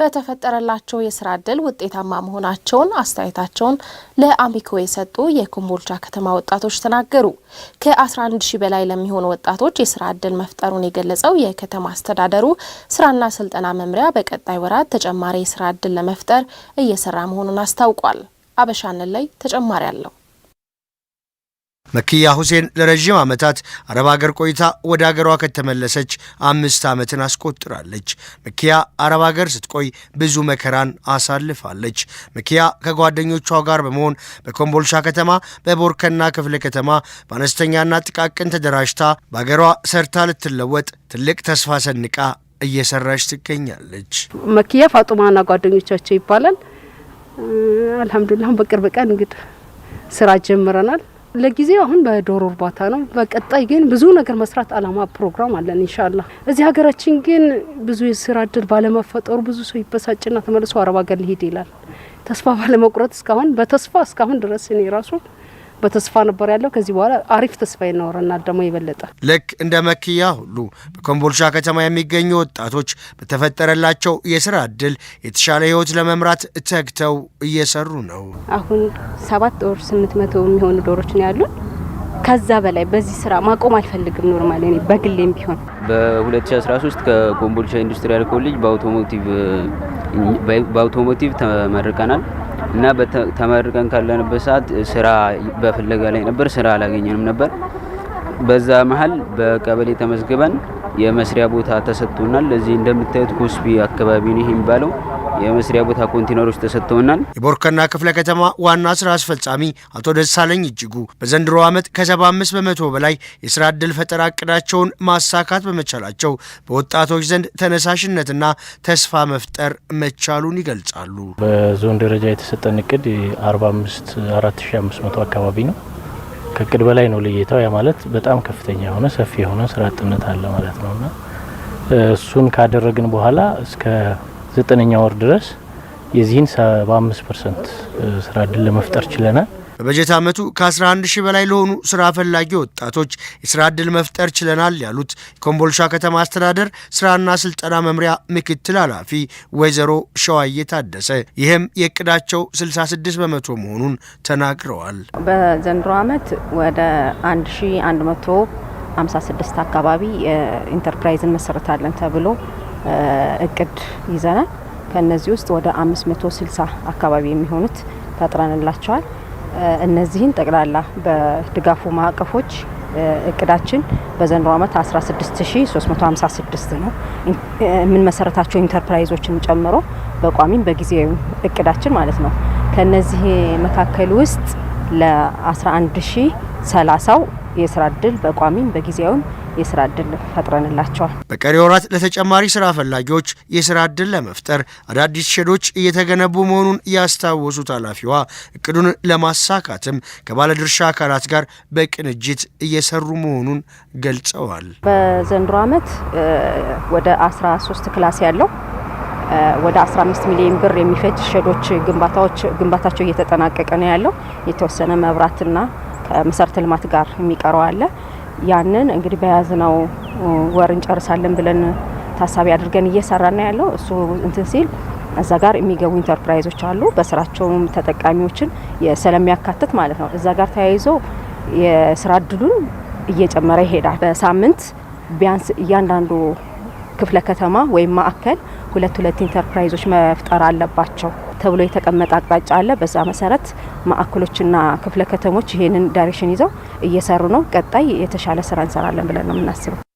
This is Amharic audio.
በተፈጠረላቸው የስራ እድል ውጤታማ መሆናቸውን አስተያየታቸውን ለአሚኮ የሰጡ የኮምቦልቻ ከተማ ወጣቶች ተናገሩ። ከ11 ሺ በላይ ለሚሆኑ ወጣቶች የስራ እድል መፍጠሩን የገለጸው የከተማ አስተዳደሩ ስራና ስልጠና መምሪያ በቀጣይ ወራት ተጨማሪ የስራ እድል ለመፍጠር እየሰራ መሆኑን አስታውቋል። አበሻንን ላይ ተጨማሪ አለው መክያ ሁሴን ለረዥም ዓመታት አረብ አገር ቆይታ ወደ አገሯ ከተመለሰች አምስት ዓመትን አስቆጥራለች። መክያ አረብ አገር ስትቆይ ብዙ መከራን አሳልፋለች። መክያ ከጓደኞቿ ጋር በመሆን በኮምቦልሻ ከተማ፣ በቦርከና ክፍለ ከተማ በአነስተኛና ጥቃቅን ተደራጅታ በሀገሯ ሰርታ ልትለወጥ ትልቅ ተስፋ ሰንቃ እየሰራች ትገኛለች። መክያ ፋጡማና ጓደኞቻቸው ይባላል። አልሐምዱሊላህ በቅርብ ቀን እንግዲህ ስራ ጀምረናል። ለጊዜው አሁን በዶሮ እርባታ ነው። በቀጣይ ግን ብዙ ነገር መስራት አላማ ፕሮግራም አለን እንሻላ እዚህ ሀገራችን ግን ብዙ የስራ እድል ባለመፈጠሩ ብዙ ሰው ይበሳጭና ተመልሶ አረብ ሀገር ሊሄድ ይላል። ተስፋ ባለመቁረጥ እስካሁን በተስፋ እስካሁን ድረስ እኔ ራሱ በተስፋ ነበር ያለው። ከዚህ በኋላ አሪፍ ተስፋ ይኖረናል። ደግሞ የበለጠ ልክ እንደ መክያ ሁሉ በኮምቦልቻ ከተማ የሚገኙ ወጣቶች በተፈጠረላቸው የስራ እድል የተሻለ ህይወት ለመምራት ተግተው እየሰሩ ነው። አሁን ሰባት ዶር ስምንት መቶ የሚሆኑ ዶሮች ነው ያሉን። ከዛ በላይ በዚህ ስራ ማቆም አልፈልግም። ኖርማል እኔ በግሌም ቢሆን በ2013 ከኮምቦልቻ ኢንዱስትሪያል ኮሌጅ በአውቶሞቲቭ በአውቶሞቲቭ ተመርቀናል። እና ተመርቀን ካለንበት ሰዓት ስራ በፍለጋ ላይ ነበር። ስራ አላገኘንም ነበር። በዛ መሀል በቀበሌ ተመዝግበን የመስሪያ ቦታ ተሰጥቶናል። እዚህ እንደምታዩት ኮስቢ አካባቢ ነው ይሄ የሚባለው። የመስሪያ ቦታ ኮንቴነሮች ተሰጥተውናል። የቦርከና ክፍለ ከተማ ዋና ስራ አስፈጻሚ አቶ ደሳለኝ እጅጉ በዘንድሮ ዓመት ከ75 በመቶ በላይ የስራ ዕድል ፈጠራ እቅዳቸውን ማሳካት በመቻላቸው በወጣቶች ዘንድ ተነሳሽነትና ተስፋ መፍጠር መቻሉን ይገልጻሉ። በዞን ደረጃ የተሰጠን እቅድ 45 4500 አካባቢ ነው። ከእቅድ በላይ ነው ልየታው። ያ ማለት በጣም ከፍተኛ የሆነ ሰፊ የሆነ ስራ አጥነት አለ ማለት ነውና እሱን ካደረግን በኋላ እስከ ዘጠነኛ ወር ድረስ የዚህን 75 ፐርሰንት ስራ እድል ለመፍጠር ችለናል። በበጀት ዓመቱ ከ11 ሺህ በላይ ለሆኑ ስራ ፈላጊ ወጣቶች የስራ እድል መፍጠር ችለናል ያሉት የኮምቦልቻ ከተማ አስተዳደር ስራና ስልጠና መምሪያ ምክትል ኃላፊ ወይዘሮ ሸዋዬ ታደሰ ይህም የእቅዳቸው 66 በመቶ መሆኑን ተናግረዋል። በዘንድሮ ዓመት ወደ 1156 አካባቢ ኢንተርፕራይዝን መሰረታለን ተብሎ እቅድ ይዘናል። ከነዚህ ውስጥ ወደ 560 አካባቢ የሚሆኑት ፈጥረንላቸዋል። እነዚህን ጠቅላላ በድጋፉ ማዕቀፎች እቅዳችን በዘንድሮ ዓመት 16356 ነው። የምንመሰረታቸው ኢንተርፕራይዞችን ጨምሮ በቋሚም በጊዜያዊ እቅዳችን ማለት ነው። ከነዚህ መካከል ውስጥ ለ 11030 የስራ እድል በቋሚም በጊዜያዊም የስራ እድል ፈጥረንላቸዋል። በቀሪ ወራት ለተጨማሪ ስራ ፈላጊዎች የስራ እድል ለመፍጠር አዳዲስ ሸዶች እየተገነቡ መሆኑን ያስታወሱት ኃላፊዋ እቅዱን ለማሳካትም ከባለድርሻ አካላት ጋር በቅንጅት እየሰሩ መሆኑን ገልጸዋል። በዘንድሮ ዓመት ወደ 13 ክላስ ያለው ወደ 15 ሚሊዮን ብር የሚፈጅ ሸዶች ግንባታዎች ግንባታቸው እየተጠናቀቀ ነው ያለው። የተወሰነ መብራትና ከመሰረተ ልማት ጋር የሚቀረው አለ። ያንን እንግዲህ በያዝነው ወር እንጨርሳለን ብለን ታሳቢ አድርገን እየሰራና ያለው እሱ እንትን ሲል እዛ ጋር የሚገቡ ኢንተርፕራይዞች አሉ። በስራቸውም ተጠቃሚዎችን ስለሚያካትት ማለት ነው። እዛ ጋር ተያይዞ የስራ እድሉን እየጨመረ ይሄዳል። በሳምንት ቢያንስ እያንዳንዱ ክፍለ ከተማ ወይም ማዕከል ሁለት ሁለት ኢንተርፕራይዞች መፍጠር አለባቸው። ተብሎ የተቀመጠ አቅጣጫ አለ። በዛ መሰረት ማዕከሎችና ክፍለ ከተሞች ይሄንን ዳይሬክሽን ይዘው እየሰሩ ነው። ቀጣይ የተሻለ ስራ እንሰራለን ብለን ነው የምናስበው።